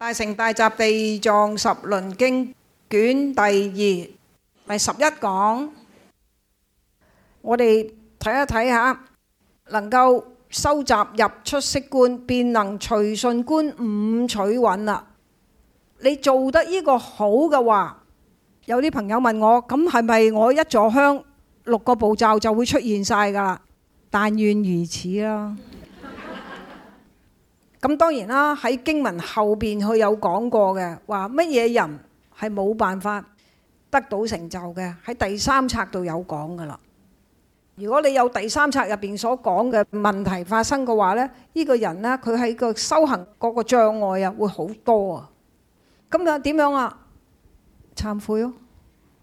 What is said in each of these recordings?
大乘大集地藏十輪經卷第二，第十一講，我哋睇一睇下能夠修習入出息觀，便能隨順觀五取蘊啦。你做得呢個好嘅話，有啲朋友問我，咁係咪我一座香六個步驟就會出現晒噶啦？但願如此啦。咁當然啦，喺經文後邊佢有講過嘅，話乜嘢人係冇辦法得到成就嘅，喺第三冊度有講噶啦。如果你有第三冊入邊所講嘅問題發生嘅話咧，呢個人咧佢喺個修行各個障礙啊會好多啊。咁樣點樣啊？懺悔咯，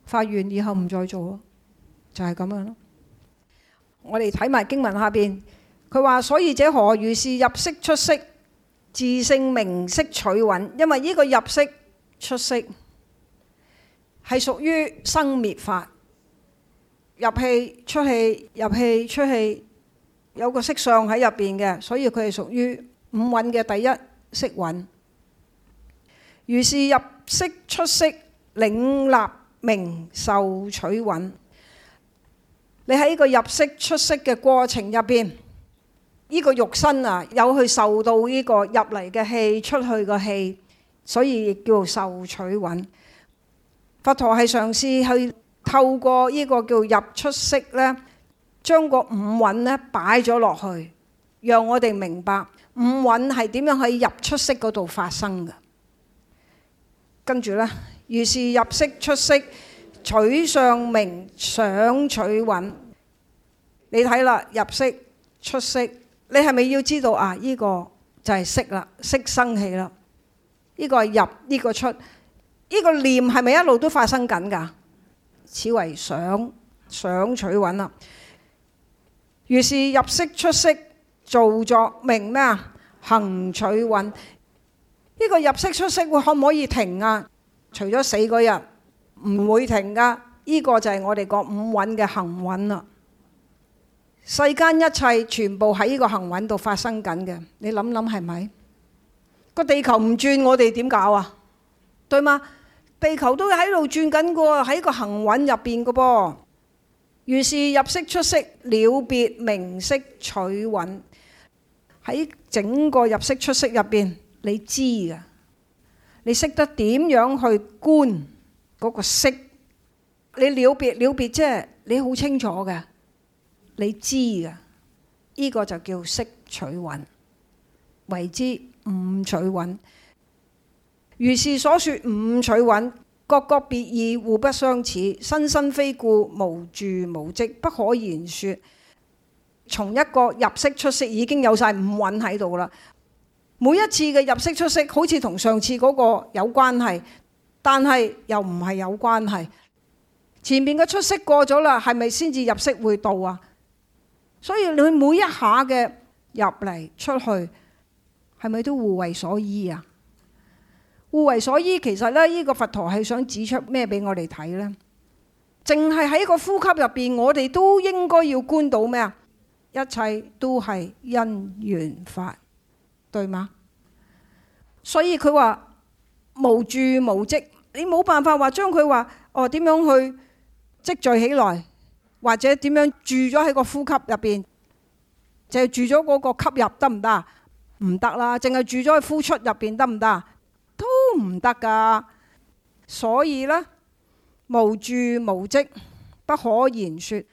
發願以後唔再做咯，就係咁樣咯。我哋睇埋經文下邊，佢話：所以者何，如是入息出息自性名色取蘊，因為呢個入息出息係屬於生滅法，入氣出氣入氣出氣有個色相喺入邊嘅，所以佢係屬於五蘊嘅第一色蘊。如是入息出息領納名受取蘊，你喺呢個入息出息嘅過程入邊。呢個肉身啊，有佢受到呢個入嚟嘅氣，出去嘅氣，所以亦叫做受取蘊。佛陀係嘗試去透過呢個叫入出息呢，將個五蘊呢擺咗落去，讓我哋明白五蘊係點樣喺入出息嗰度發生嘅。跟住呢，如是入息出息取相名想取蘊，你睇啦，入息出息。你係咪要知道啊？呢、這個就係息啦，息生氣啦。依、這個入，呢、這個出，呢、這個念係咪一路都發生緊噶？此為想想取蘊啦。於是入息出息，造作名咩啊？行取蘊。呢、這個入息出息會可唔可以停啊？除咗死嗰日，唔會停噶。呢、這個就係我哋個五蘊嘅行蘊啦。世間一切全部喺呢個行蘊度發生緊嘅，你諗諗係咪個地球唔轉，我哋點搞啊？對嗎？地球都喺度轉緊嘅喎，喺個行蘊入邊嘅噃。如是入息出息了別名識取蘊，喺整個入息出息入邊，你知嘅，你識得點樣去觀嗰個息？你了別了別，啫，你好清楚嘅。你知噶，呢、這個就叫識取蘊，為之五取蘊。如是所說五取蘊，各各別異，互不相似，新新非故，無住無積，不可言説。從一個入息出息已經有晒五蘊喺度啦。每一次嘅入息出息，好似同上次嗰個有關係，但係又唔係有關係。前面嘅出息過咗啦，係咪先至入息會到啊？所以你每一下嘅入嚟出去，係咪都互為所依啊？互為所依，其實咧，呢個佛陀係想指出咩俾我哋睇呢？淨係喺個呼吸入邊，我哋都應該要觀到咩啊？一切都係因緣法，對嗎？所以佢話無住無積，你冇辦法話將佢話哦點樣去積聚起來。或者點樣住咗喺個呼吸入邊，就係住咗嗰個吸入得唔得？唔得啦，淨係住咗喺呼出入邊得唔得？都唔得噶。所以呢，無住無積，不可言説，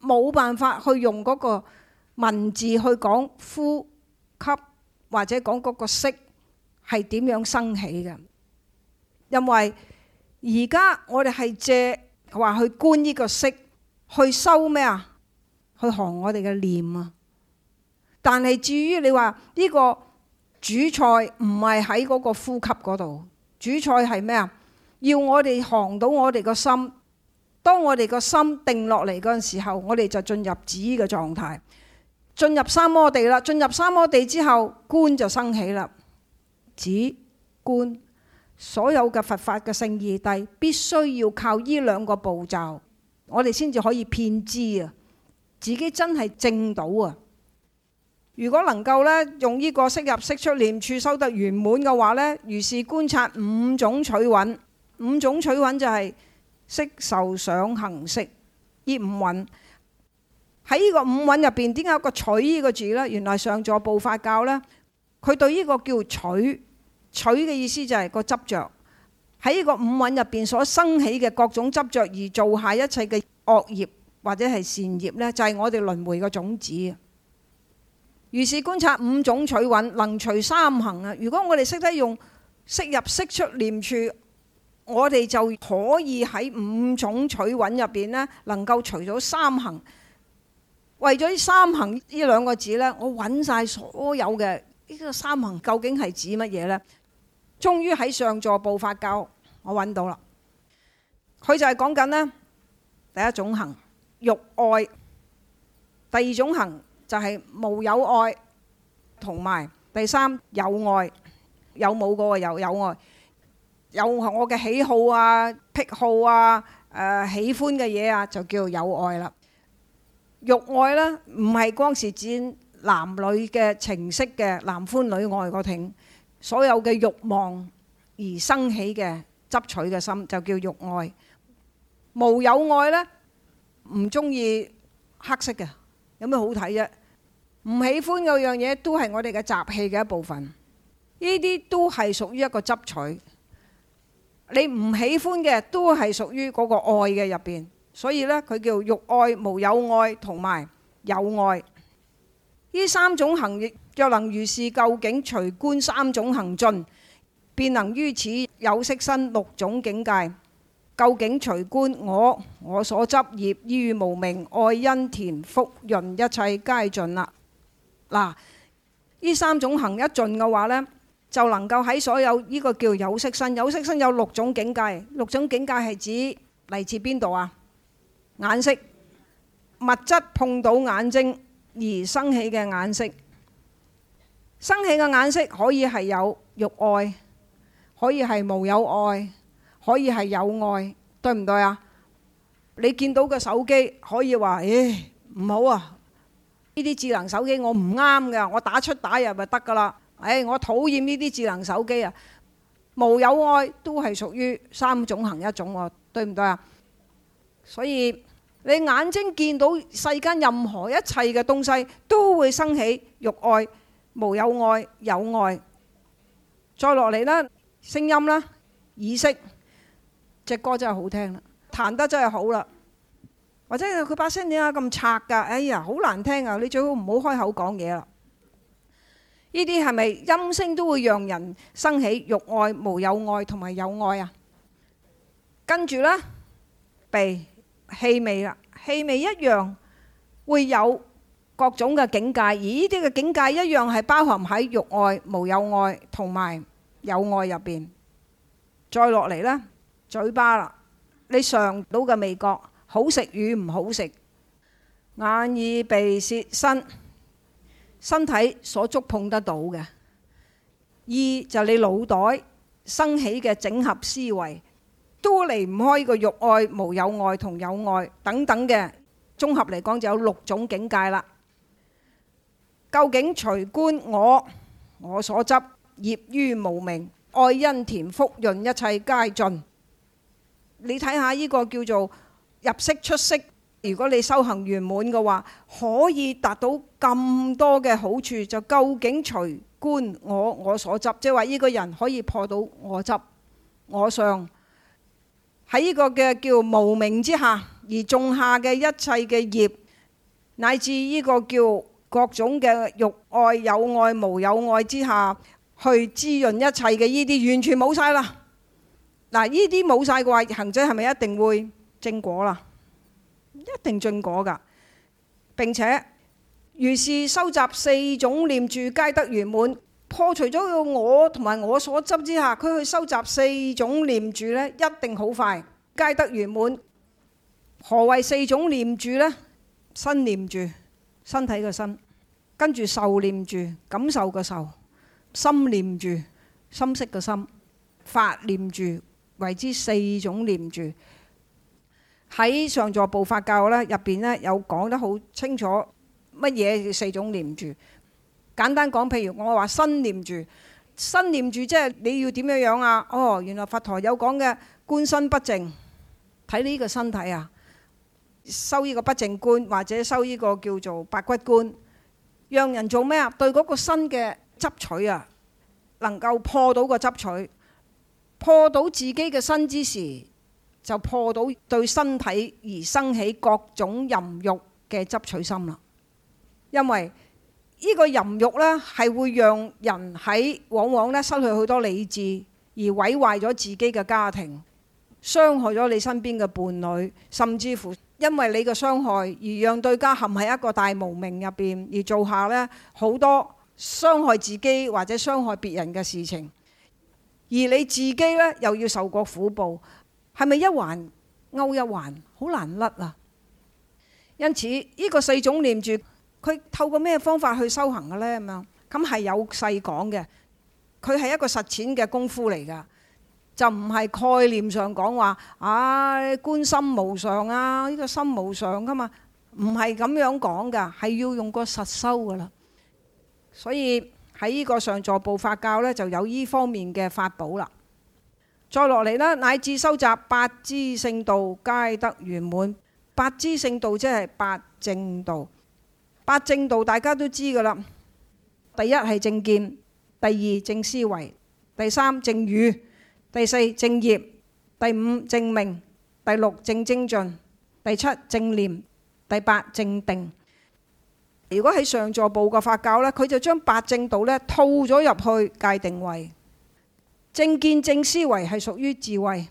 冇辦法去用嗰個文字去講呼吸，或者講嗰個息係點樣生起嘅。因為而家我哋係借話去觀呢個息。去收咩啊？去降我哋嘅念啊！但係至於你話呢個主菜唔係喺嗰個呼吸嗰度，主菜係咩啊？要我哋降到我哋個心。當我哋個心定落嚟嗰陣時候，我哋就進入止嘅狀態。進入三摩地啦，進入三摩地之後，觀就生起啦。止觀所有嘅佛法嘅勝義諦，必須要靠呢兩個步驟。我哋先至可以遍知啊，自己真係證到啊！如果能夠呢，用呢個息入息出、念處修得圓滿嘅話呢，如是觀察五種取蘊，五種取蘊就係色受想行識呢五蘊。喺呢個五蘊入邊，點解有個取呢個字呢？原來上座部法教呢，佢對呢個叫取，取嘅意思就係個執着。喺呢個五蘊入邊所生起嘅各種執着而做下一切嘅惡業或者係善業呢，就係我哋輪迴嘅種子。如是觀察五種取蘊，能除三行啊！如果我哋識得用識入識出念處，我哋就可以喺五種取蘊入邊呢能夠除咗三行。為咗三行呢兩個字呢，我揾晒所有嘅呢、這個三行究竟係指乜嘢呢？終於喺上座部法教，我揾到啦。佢就係講緊咧，第一種行欲愛，第二種行就係無有愛，同埋第三有愛。有冇嗰個有有愛？有我嘅喜好啊、癖好啊、誒喜歡嘅嘢啊，就叫做有愛啦。欲愛咧，唔係光是指男女嘅情色嘅男歡女愛嗰挺。所有嘅慾望而生起嘅執取嘅心，就叫慾愛。無有愛咧，唔中意黑色嘅，有咩好睇啫？唔喜歡嗰樣嘢，都係我哋嘅習氣嘅一部分。呢啲都係屬於一個執取。你唔喜歡嘅，都係屬於嗰個愛嘅入邊。所以咧，佢叫慾愛、無有愛同埋有愛。呢三種行為。若能如是，究竟隨觀三種行盡，便能於此有識身六種境界。究竟隨觀，我我所執業於無明、愛因田覆潤一切皆盡啦。嗱，呢三種行一盡嘅話呢就能夠喺所有呢、這個叫有識身。有識身有六種境界，六種境界係指嚟自邊度啊？眼識，物質碰到眼睛而生起嘅眼識。生起嘅眼色可以係有欲愛，可以係無有愛，可以係有愛，對唔對啊？你見到個手機可以話，誒，唔好啊！呢啲智能手機我唔啱㗎，我打出打入咪得噶啦。誒，我討厭呢啲智能手機啊！無有愛都係屬於三種行一種啊，對唔對啊？所以你眼睛見到世間任何一切嘅東西，都會生起欲愛。無有愛，有愛，再落嚟啦，聲音啦，耳識，隻歌真係好聽啦，彈得真係好啦，或者佢把聲點解咁賊㗎？哎呀，好難聽啊！你最好唔好開口講嘢啦。呢啲係咪音聲都會讓人生起欲愛、無有愛同埋有，有愛啊？跟住啦，鼻氣味啊，氣味一樣會有。各種嘅境界，而呢啲嘅境界一樣係包含喺欲愛、無有愛同埋有愛入邊。再落嚟咧，嘴巴啦，你嘗到嘅味覺，好食與唔好食；眼耳鼻舌身，身體所觸碰得到嘅。二就你腦袋生起嘅整合思維，都離唔開個欲愛、無有愛同有愛等等嘅綜合嚟講，就有六種境界啦。究竟隨觀我我所執業於無明，愛因田覆潤，一切皆盡。你睇下呢個叫做入息出息，如果你修行圓滿嘅話，可以達到咁多嘅好處。就究竟隨觀我我所執，即係話呢個人可以破到我執我相。喺呢個嘅叫無明之下，而種下嘅一切嘅業，乃至呢個叫。各種嘅欲愛、有愛、無有愛之下去滋潤一切嘅呢啲完全冇晒啦。嗱，呢啲冇晒嘅話，行者係咪一定會正果啦？一定正果㗎，並且如是修習四種念住，皆得圓滿。破除咗個我同埋我所執之下，佢去修習四種念住咧，一定好快，皆得圓滿。何為四種念住咧？身念住。身體個身，跟住受念住感受嘅受，心念住心識嘅心，法念住為之四種念住。喺上座部法教咧，入邊咧有講得好清楚乜嘢四種念住。簡單講，譬如我話身念住，身念住即係你要點樣樣啊？哦，原來佛陀有講嘅觀身不淨，睇呢個身體啊。修呢個不淨觀，或者修呢個叫做白骨觀，讓人做咩啊？對嗰個身嘅執取啊，能夠破到個執取，破到自己嘅身之時，就破到對身體而生起各種淫欲嘅執取心啦。因為呢個淫欲呢，係會讓人喺往往咧失去好多理智，而毀壞咗自己嘅家庭，傷害咗你身邊嘅伴侶，甚至乎。因為你嘅傷害而讓對家陷喺一個大無明入邊，而做下咧好多傷害自己或者傷害別人嘅事情，而你自己咧又要受過苦報，係咪一環勾一環，好難甩啊！因此呢、這個四種念住，佢透過咩方法去修行嘅呢？咁樣咁係有細講嘅，佢係一個實踐嘅功夫嚟噶。就唔係概念上講話，唉、哎，觀心無常啊！呢、這個心無常噶嘛，唔係咁樣講噶，係要用個實修噶啦。所以喺呢個上座部法教呢，就有呢方面嘅法寶啦。再落嚟呢，乃至修習八支聖道皆得圓滿。八支聖道即係八正道。八正道大家都知噶啦，第一係正見，第二正思維，第三正語。第四正業，第五正命，第六正精進，第七正念，第八正定。如果喺上座部嘅法教呢，佢就將八正道呢套咗入去戒定慧。正見正思維係屬於智慧，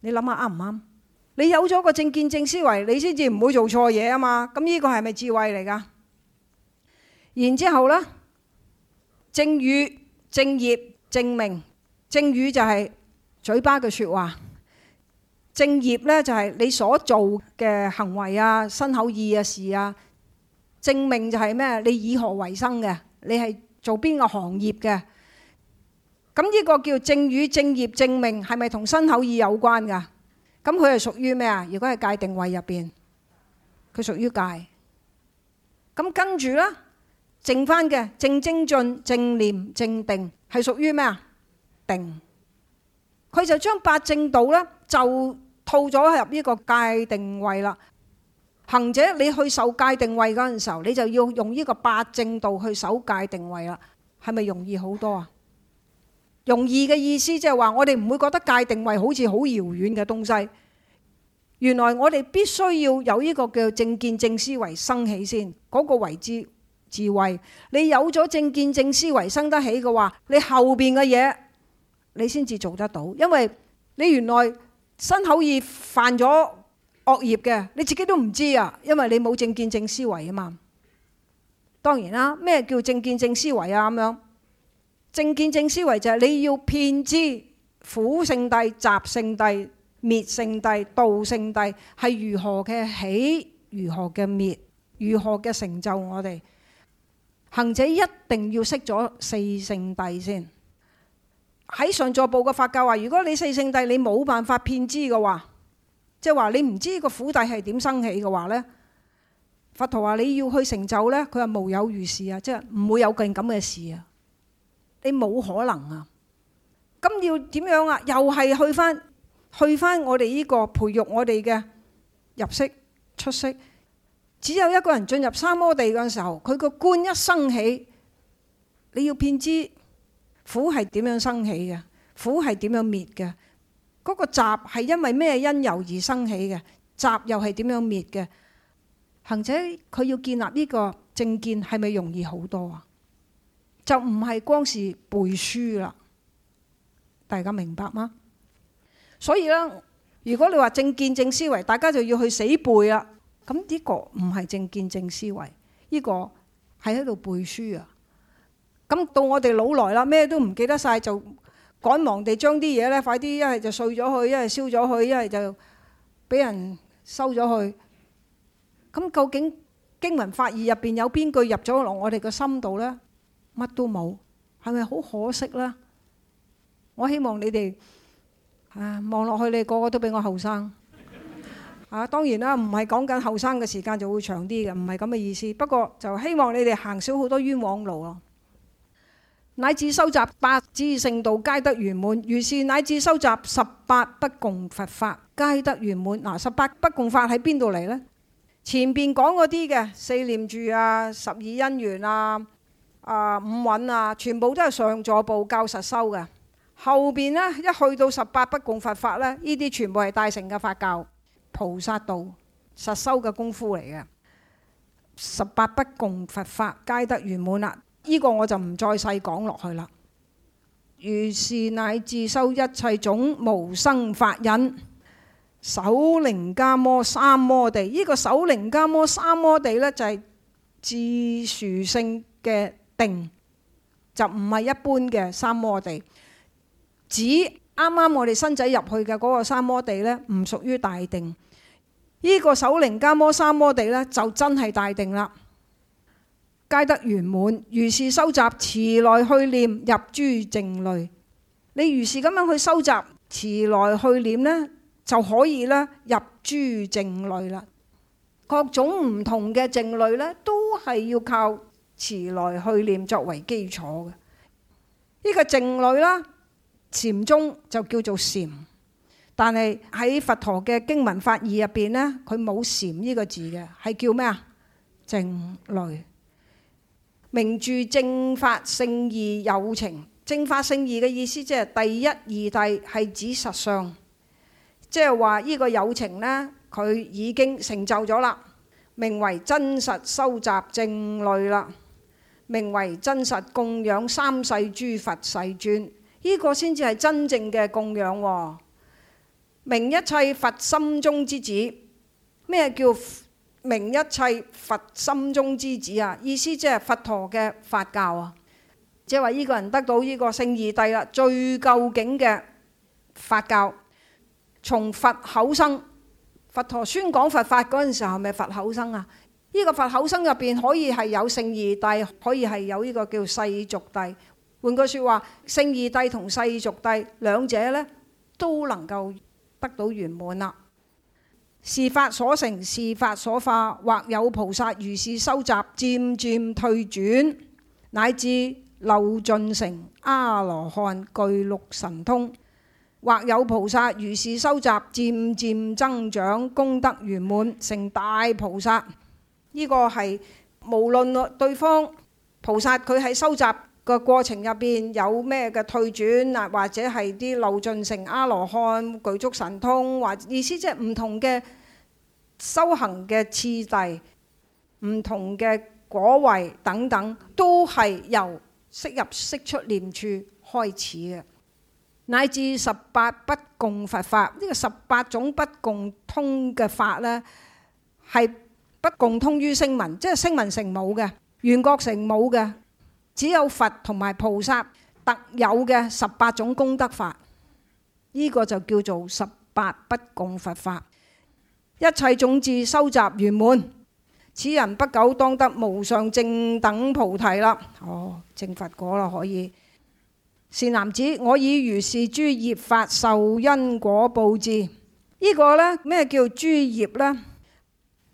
你諗下啱唔啱？你有咗個正見正思維，你先至唔會做錯嘢啊嘛。咁呢個係咪智慧嚟噶？然之後咧，正語、正業、正命。正語就係嘴巴嘅說話，正業咧就係你所做嘅行為啊、身口意嘅事啊，正命就係咩？你以何為生嘅？你係做邊個行業嘅？咁呢個叫正語、正業、正命係咪同身口意有關噶？咁佢係屬於咩啊？如果係界定位入邊，佢屬於界。咁跟住咧，剩翻嘅正精進、正念、正定係屬於咩啊？定佢就將八正道呢，就套咗入呢個界定位啦。行者，你去守界定位嗰陣時候，你就要用呢個八正道去守界定位啦。係咪容易好多啊？容易嘅意思即係話，我哋唔會覺得界定位好似好遙遠嘅東西。原來我哋必須要有呢個叫正見正思維生起先嗰個為之智慧。你有咗正見正思維生得起嘅話，你後邊嘅嘢，你先至做得到，因為你原來身口意犯咗惡業嘅，你自己都唔知啊，因為你冇正見正思維啊嘛。當然啦，咩叫正見正思維啊？咁樣正見正思維就係你要遍知苦聖諦、集聖諦、滅聖諦、道聖諦係如何嘅起，如何嘅滅，如何嘅成就。我哋行者一定要識咗四聖諦先。喺上座部嘅佛教話，如果你四聖諦你冇辦法辨知嘅話，即係話你唔知個苦諦係點生起嘅話呢，佛陀話你要去成就呢，佢話無有如是啊，即係唔會有咁嘅事啊，你冇可能啊，咁要點樣啊？又係去返去返我哋呢個培育我哋嘅入息、出息。只有一個人進入三摩地嘅時候，佢個觀一生起，你要辨知。苦係點樣生起嘅？苦係點樣滅嘅？嗰、那個集係因為咩因由而生起嘅？集又係點樣滅嘅？行者佢要建立呢個正見係咪容易好多啊？就唔係光是背書啦，大家明白嗎？所以啦，如果你話正見正思維，大家就要去死背啦。咁呢個唔係正見正思維，呢、這個係喺度背書啊！咁到我哋老來啦，咩都唔記得晒，就趕忙地將啲嘢咧，快啲一係就碎咗佢，一係燒咗佢，一係就俾人收咗佢。咁究竟經文法義入邊有邊句入咗落我哋個心度咧？乜都冇，係咪好可惜咧？我希望你哋啊，望落去你哋個個都比我後生啊。當然啦，唔係講緊後生嘅時間就會長啲嘅，唔係咁嘅意思。不過就希望你哋行少好多冤枉路啊！乃至修習八支聖道皆得圓滿，如是乃至修習十八不共佛法皆得圓滿。嗱、啊，十八不共法喺邊度嚟呢？前邊講嗰啲嘅四念住啊、十二因緣啊、啊五蘊啊，全部都係上座部教實修嘅。後邊呢，一去到十八不共佛法呢，呢啲全部係大乘嘅法教、菩薩道實修嘅功夫嚟嘅。十八不共佛法皆得圓滿啦。呢個我就唔再細講落去啦。如是乃至修一切種無生法忍，首楞伽摩三摩地。呢、呢個首楞伽摩三摩地呢，就係自殊性嘅定，就唔係一般嘅三摩地。指啱啱我哋新仔入去嘅嗰個三摩地呢，唔屬於大定。呢、呢個首楞伽摩三摩地呢，就真係大定啦。皆得圓滿，如是修習持來去念，入諸靜慮。你如是咁樣去修習持來去念咧，就可以咧入諸靜慮啦。各種唔同嘅靜慮咧，都係要靠持來去念作為基礎嘅。呢個靜慮啦，禪宗就叫做禪，但係喺佛陀嘅經文法義入邊咧，佢冇禪呢個字嘅，係叫咩啊？靜慮。名住正法勝義有情，正法勝義嘅意思即係第一義諦係指實相，即係話呢個有情呢，佢已經成就咗啦，名為真實修習靜慮啦，名為真實供養三世諸佛世尊，呢、這個先至係真正嘅供養、哦。名一切佛心中之子，咩叫？明一切佛心中之子啊！意思即係佛陀嘅佛教啊，即係話呢個人得到呢個勝義諦啦，最究竟嘅佛教。從佛口生，佛陀宣講佛法嗰陣時候，係咪佛口生啊？呢個佛口生入邊可以係有勝義諦，可以係有呢個叫世俗諦。換句說話，勝義諦同世俗諦兩者呢，都能夠得到圓滿啦。是法所成，是法所化，或有菩薩如是修習，漸漸退轉，乃至漏盡成阿羅漢，具六神通；或有菩薩如是修習，漸漸增長功德圓滿，成大菩薩。呢、這個係無論對方菩薩，佢係修習。個過程入邊有咩嘅退轉啊，或者係啲漏盡成阿羅漢、具足神通，或者意思即係唔同嘅修行嘅次第、唔同嘅果位等等，都係由識入識出念處開始嘅，乃至十八不共佛法法呢、呢個十八種不共通嘅法呢，係不共通於聲聞，即係聲聞乘冇嘅，緣覺乘冇嘅。只有佛同埋菩薩特有嘅十八種功德法，呢、這個就叫做十八不共佛法。一切種智收集圓滿，此人不久當得無上正等菩提啦。哦，正佛果啦，可以。善男子，我以如是諸業法受因果報智。呢、這個呢咩叫諸業呢？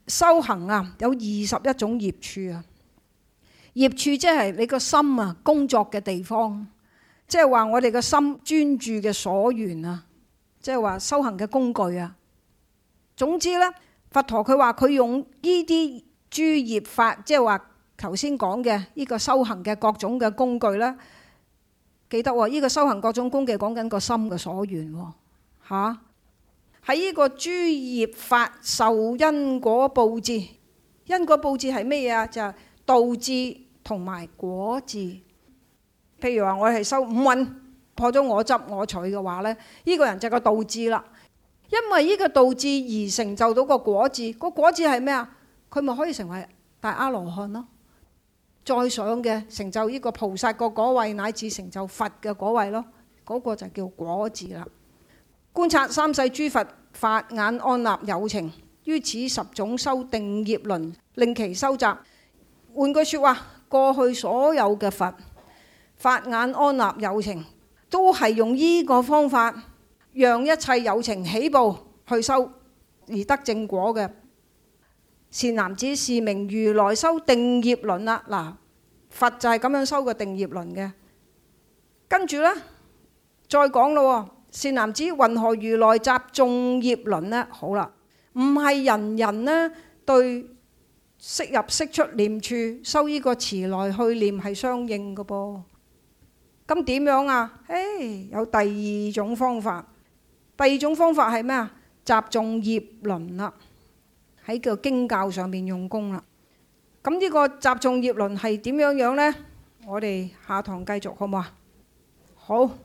修行啊，有二十一種業處啊。業處即係你個心啊，工作嘅地方，即係話我哋個心專注嘅所緣啊，即係話修行嘅工具啊。總之呢，佛陀佢話佢用呢啲諸業法，即係話頭先講嘅呢個修行嘅各種嘅工具啦。記得呢、哦這個修行各種工具講緊個心嘅所緣吓。喺、啊、呢個諸業法受因果報智，因果報智係咩嘢啊？就是道智同埋果智，譬如話我係收五蘊破咗我執我取嘅話咧，呢、這個人就個道智啦。因為呢個道智而成就到個果智，個果智係咩啊？佢咪可以成為大阿羅漢咯。再想嘅成就呢個菩薩個果位，乃至成就佛嘅果位咯。嗰、那個就叫果智啦。觀察三世諸佛法眼安立有情於此十種修定業輪，令其修習。換句説話，過去所有嘅佛，法眼安立有情，都係用依個方法，讓一切有情起步去修而得正果嘅。善男子，是名如來修定業輪啦。嗱，佛就係咁樣修個定業輪嘅。跟住呢，再講咯，善男子，云何如來習誦業輪呢？好啦，唔係人人呢對。識入識出念處，收呢個持來去念係相應嘅噃。咁點樣啊？唉，有第二種方法。第二種方法係咩啊？習誦業輪啦，喺個經教上面用功啦。咁呢個習誦業輪係點樣樣呢？我哋下堂繼續好唔好啊？好。